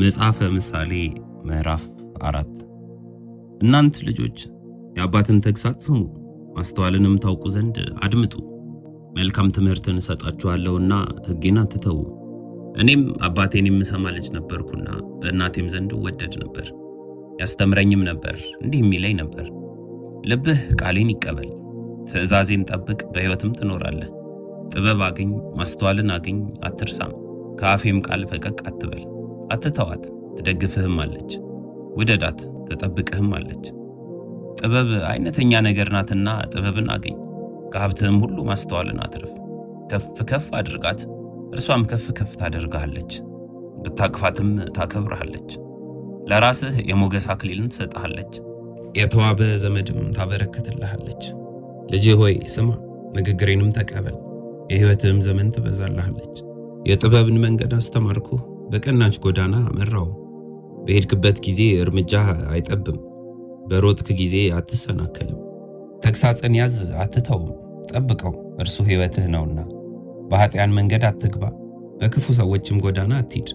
መጽሐፈ ምሳሌ ምዕራፍ አራት እናንት ልጆች የአባትን ተግሳጽ ስሙ፣ ማስተዋልንም ታውቁ ዘንድ አድምጡ። መልካም ትምህርትን እሰጣችኋለሁና ሕጌን አትተዉ። እኔም አባቴን የምሰማ ልጅ ነበርኩና በእናቴም ዘንድ እወደድ ነበር፣ ያስተምረኝም ነበር፣ እንዲህ የሚለኝ ነበር፣ ልብህ ቃሌን ይቀበል፣ ትእዛዜን ጠብቅ፣ በሕይወትም ትኖራለህ። ጥበብ አግኝ፣ ማስተዋልን አግኝ፣ አትርሳም፣ ከአፌም ቃል ፈቀቅ አትበል። አትተዋት፣ ትደግፍህም አለች። ውደዳት፣ ትጠብቅህም አለች። ጥበብ አይነተኛ ነገር ናትና ጥበብን አገኝ፣ ከሀብትህም ሁሉ ማስተዋልን አትርፍ። ከፍ ከፍ አድርጋት፣ እርሷም ከፍ ከፍ ታደርግሃለች። ብታቅፋትም ታከብርሃለች። ለራስህ የሞገስ አክሊልን ትሰጥሃለች፣ የተዋበ ዘመድም ታበረክትልሃለች። ልጅ ሆይ ስማ፣ ንግግሬንም ተቀበል፣ የሕይወትህም ዘመን ትበዛልሃለች። የጥበብን መንገድ አስተማርኩህ በቀናች ጎዳና መራው። በሄድክበት ጊዜ እርምጃ አይጠብም፣ በሮጥክ ጊዜ አትሰናከልም። ተግሳጽን ያዝ አትተውም፣ ጠብቀው፣ እርሱ ሕይወትህ ነውና። በኃጢያን መንገድ አትግባ፣ በክፉ ሰዎችም ጎዳና አትሂድ።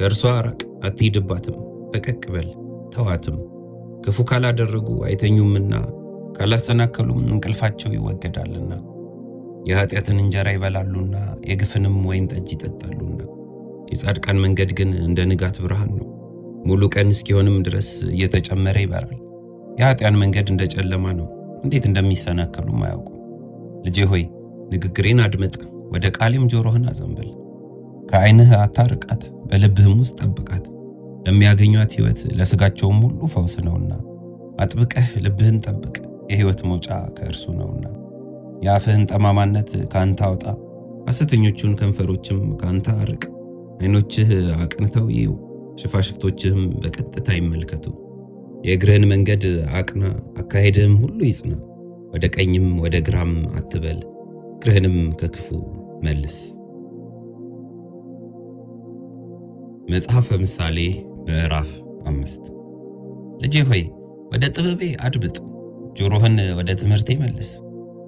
ከእርሷ ራቅ፣ አትሂድባትም፣ ፈቀቅ በል ተዋትም። ክፉ ካላደረጉ አይተኙምና ካላሰናከሉም እንቅልፋቸው ይወገዳልና። የኃጢአትን እንጀራ ይበላሉና የግፍንም ወይን ጠጅ ይጠጣሉና የጻድቃን መንገድ ግን እንደ ንጋት ብርሃን ነው፣ ሙሉ ቀን እስኪሆንም ድረስ እየተጨመረ ይበራል። የኃጢያን መንገድ እንደ ጨለማ ነው፣ እንዴት እንደሚሰናከሉም አያውቁም። ልጄ ሆይ ንግግሬን አድምጥ፣ ወደ ቃሌም ጆሮህን አዘንብል። ከዓይንህ አታርቃት፣ በልብህም ውስጥ ጠብቃት። ለሚያገኟት ሕይወት ለሥጋቸውም ሁሉ ፈውስ ነውና አጥብቀህ ልብህን ጠብቅ፣ የሕይወት መውጫ ከእርሱ ነውና። የአፍህን ጠማማነት ከአንተ አውጣ፣ ሐሰተኞቹን ከንፈሮችም ከአንተ አርቅ። ዓይኖችህ አቅንተው ይዩ፣ ሽፋሽፍቶችህም በቀጥታ ይመልከቱ። የእግርህን መንገድ አቅና፣ አካሄድህም ሁሉ ይጽና። ወደ ቀኝም ወደ ግራም አትበል፣ እግርህንም ከክፉ መልስ። መጽሐፈ ምሳሌ ምዕራፍ አምስት ልጄ ሆይ ወደ ጥበቤ አድብጥ፣ ጆሮህን ወደ ትምህርቴ መልስ።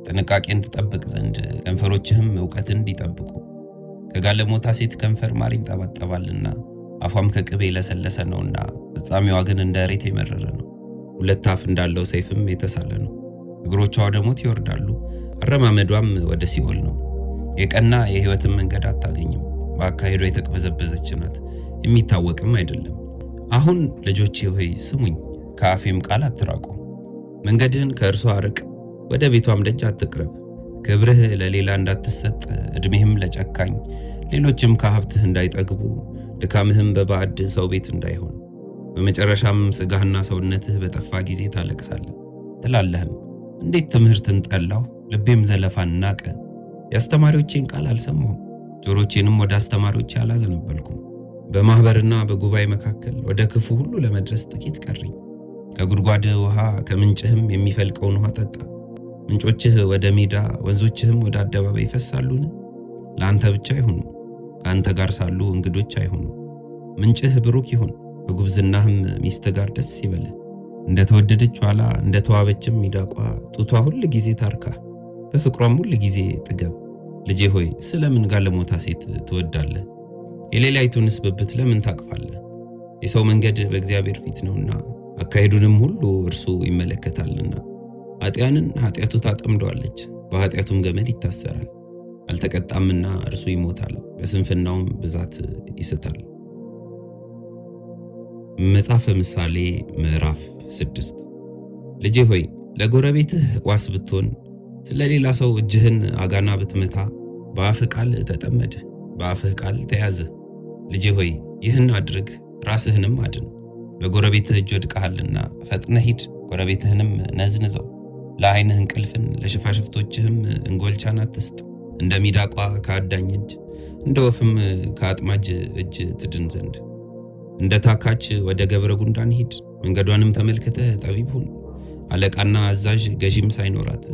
ጥንቃቄን ትጠብቅ ዘንድ ከንፈሮችህም እውቀትን እንዲጠብቁ ከጋለሞታ ሴት ከንፈር ማር ይንጠባጠባልና አፏም ከቅቤ የለሰለሰ ነውና ፍጻሜዋ ግን እንደ እሬት የመረረ ነው። ሁለት አፍ እንዳለው ሰይፍም የተሳለ ነው። እግሮቿ ወደ ሞት ይወርዳሉ፣ አረማመዷም ወደ ሲኦል ነው። የቀና የሕይወትን መንገድ አታገኝም። በአካሄዷ የተቅበዘበዘች ናት፣ የሚታወቅም አይደለም። አሁን ልጆቼ ሆይ ስሙኝ፣ ከአፌም ቃል አትራቁ። መንገድህን ከእርሷ አርቅ፣ ወደ ቤቷም ደጅ አትቅረብ። ክብርህ ለሌላ እንዳትሰጥ፣ ዕድሜህም ለጨካኝ ሌሎችም ከሀብትህ እንዳይጠግቡ፣ ድካምህም በባዕድ ሰው ቤት እንዳይሆን። በመጨረሻም ሥጋህና ሰውነትህ በጠፋ ጊዜ ታለቅሳለህ፣ ትላለህም እንዴት ትምህርትን ጠላሁ፣ ልቤም ዘለፋን ናቀ። የአስተማሪዎቼን ቃል አልሰማሁም፣ ጆሮቼንም ወደ አስተማሪዎቼ አላዘነበልኩም። በማኅበርና በጉባኤ መካከል ወደ ክፉ ሁሉ ለመድረስ ጥቂት ቀረኝ። ከጉድጓድ ውሃ ከምንጭህም የሚፈልቀውን ውሃ ጠጣ። ምንጮችህ ወደ ሜዳ ወንዞችህም ወደ አደባባይ ይፈሳሉን? ለአንተ ብቻ አይሁኑ፣ ከአንተ ጋር ሳሉ እንግዶች አይሁኑ። ምንጭህ ብሩክ ይሁን፣ ከጉብዝናህም ሚስት ጋር ደስ ይበልህ። እንደ ተወደደች ኋላ እንደ ተዋበችም ሚዳቋ ጡቷ ሁል ጊዜ ታርካ፣ በፍቅሯም ሁል ጊዜ ጥገብ። ልጄ ሆይ ስለምን ጋለሞታ ሴት ትወዳለህ? የሌላይቱንስ ብብት ለምን ታቅፋለህ? የሰው መንገድ በእግዚአብሔር ፊት ነውና አካሄዱንም ሁሉ እርሱ ይመለከታልና ኃጢያንን ኃጢያቱ ታጠምደዋለች፣ በኃጢያቱም ገመድ ይታሰራል። አልተቀጣምና እርሱ ይሞታል፣ በስንፍናውም ብዛት ይስታል። መጽሐፈ ምሳሌ ምዕራፍ ስድስት ልጄ ሆይ ለጎረቤትህ ዋስ ብትሆን፣ ስለ ሌላ ሰው እጅህን አጋና ብትመታ፣ በአፍህ ቃል ተጠመድህ፣ በአፍህ ቃል ተያዘህ። ልጄ ሆይ ይህን አድርግ፣ ራስህንም አድን። በጎረቤትህ እጅ ወድቀሃልና ፈጥነህ ሂድ፣ ጎረቤትህንም ነዝንዘው። ለዓይንህ እንቅልፍን ለሽፋሽፍቶችህም እንጎልቻን አትስጥ። እንደ ሚዳቋ ከአዳኝ እጅ እንደ ወፍም ከአጥማጅ እጅ ትድን ዘንድ እንደ ታካች ወደ ገብረ ጉንዳን ሂድ፣ መንገዷንም ተመልክተህ ጠቢብ ሁን። አለቃና አዛዥ ገዢም ሳይኖራት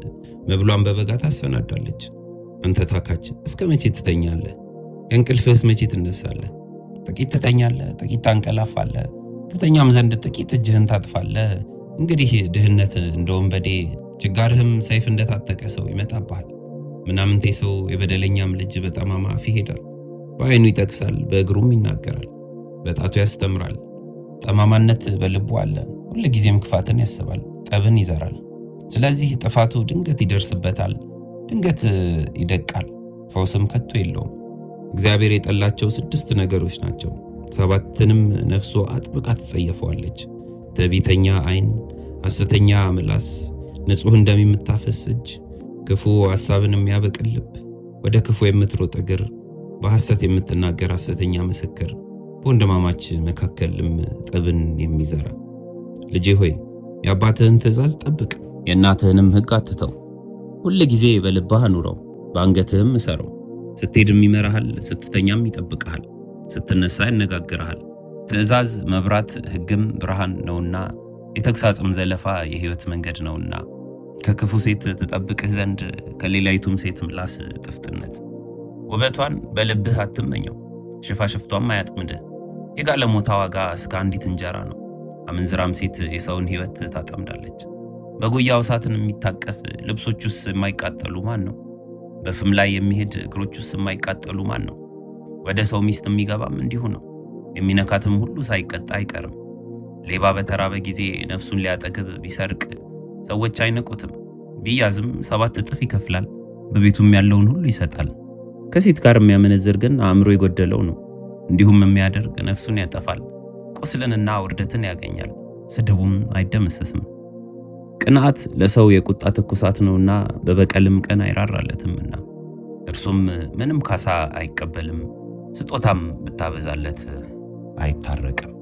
መብሏን በበጋ ታሰናዳለች። አንተ ታካች እስከ መቼ ትተኛለህ? ከእንቅልፍህስ መቼ ትነሳለህ? ጥቂት ትተኛለህ፣ ጥቂት ታንቀላፋለህ፣ ትተኛም ዘንድ ጥቂት እጅህን ታጥፋለህ። እንግዲህ ድህነት እንደ ወንበዴ ችጋርህም ሰይፍ እንደታጠቀ ሰው ይመጣብሃል። ምናምንቴ ሰው የበደለኛም ልጅ በጠማማ አፍ ይሄዳል። በዓይኑ ይጠቅሳል፣ በእግሩም ይናገራል፣ በጣቱ ያስተምራል። ጠማማነት በልቡ አለ፣ ጊዜም ክፋትን ያስባል፣ ጠብን ይዘራል። ስለዚህ ጥፋቱ ድንገት ይደርስበታል፣ ድንገት ይደቃል፣ ፈውስም ከቶ የለውም። እግዚአብሔር የጠላቸው ስድስት ነገሮች ናቸው። ሰባትንም ነፍሶ አጥብቃ ትጸየፈዋለች፦ ትዕቢተኛ ዓይን፣ ሐሰተኛ ምላስ፣ ንጹሕ ደም የምታፈስ እጅ፣ ክፉ ሐሳብን የሚያበቅል ልብ፣ ወደ ክፉ የምትሮጥ እግር፣ በሐሰት የምትናገር ሐሰተኛ ምስክር፣ በወንድማማች መካከልም ጠብን የሚዘራ ልጄ ሆይ የአባትህን ትእዛዝ ጠብቅ፣ የእናትህንም ሕግ አትተው። ሁል ጊዜ በልብህ አኑረው፣ በአንገትህም እሰረው። ስትሄድም ይመራሃል፣ ስትተኛም ይጠብቅሃል፣ ስትነሳ ያነጋግርሃል። ትእዛዝ መብራት ሕግም ብርሃን ነውና የተግሳጽም ዘለፋ የሕይወት መንገድ ነውና ከክፉ ሴት ትጠብቅህ ዘንድ ከሌላይቱም ሴት ምላስ ጥፍጥነት። ውበቷን በልብህ አትመኘው፣ ሽፋሽፍቷም አያጥምድህ። የጋለሞታ ዋጋ እስከ አንዲት እንጀራ ነው። አመንዝራም ሴት የሰውን ሕይወት ታጠምዳለች። በጉያው እሳትን የሚታቀፍ ልብሶቹስ የማይቃጠሉ ማን ነው? በፍም ላይ የሚሄድ እግሮቹስ የማይቃጠሉ ማን ነው? ወደ ሰው ሚስት የሚገባም እንዲሁ ነው። የሚነካትም ሁሉ ሳይቀጣ አይቀርም። ሌባ በተራበ ጊዜ ነፍሱን ሊያጠግብ ቢሰርቅ ሰዎች አይንቁትም። ቢያዝም ሰባት እጥፍ ይከፍላል፣ በቤቱም ያለውን ሁሉ ይሰጣል። ከሴት ጋር የሚያመነዝር ግን አእምሮ የጎደለው ነው። እንዲሁም የሚያደርግ ነፍሱን ያጠፋል፣ ቁስልንና ውርደትን ያገኛል፣ ስድቡም አይደመሰስም። ቅንዓት ለሰው የቁጣ ትኩሳት ነውና በበቀልም ቀን አይራራለትምና እርሱም ምንም ካሳ አይቀበልም፣ ስጦታም ብታበዛለት አይታረቅም።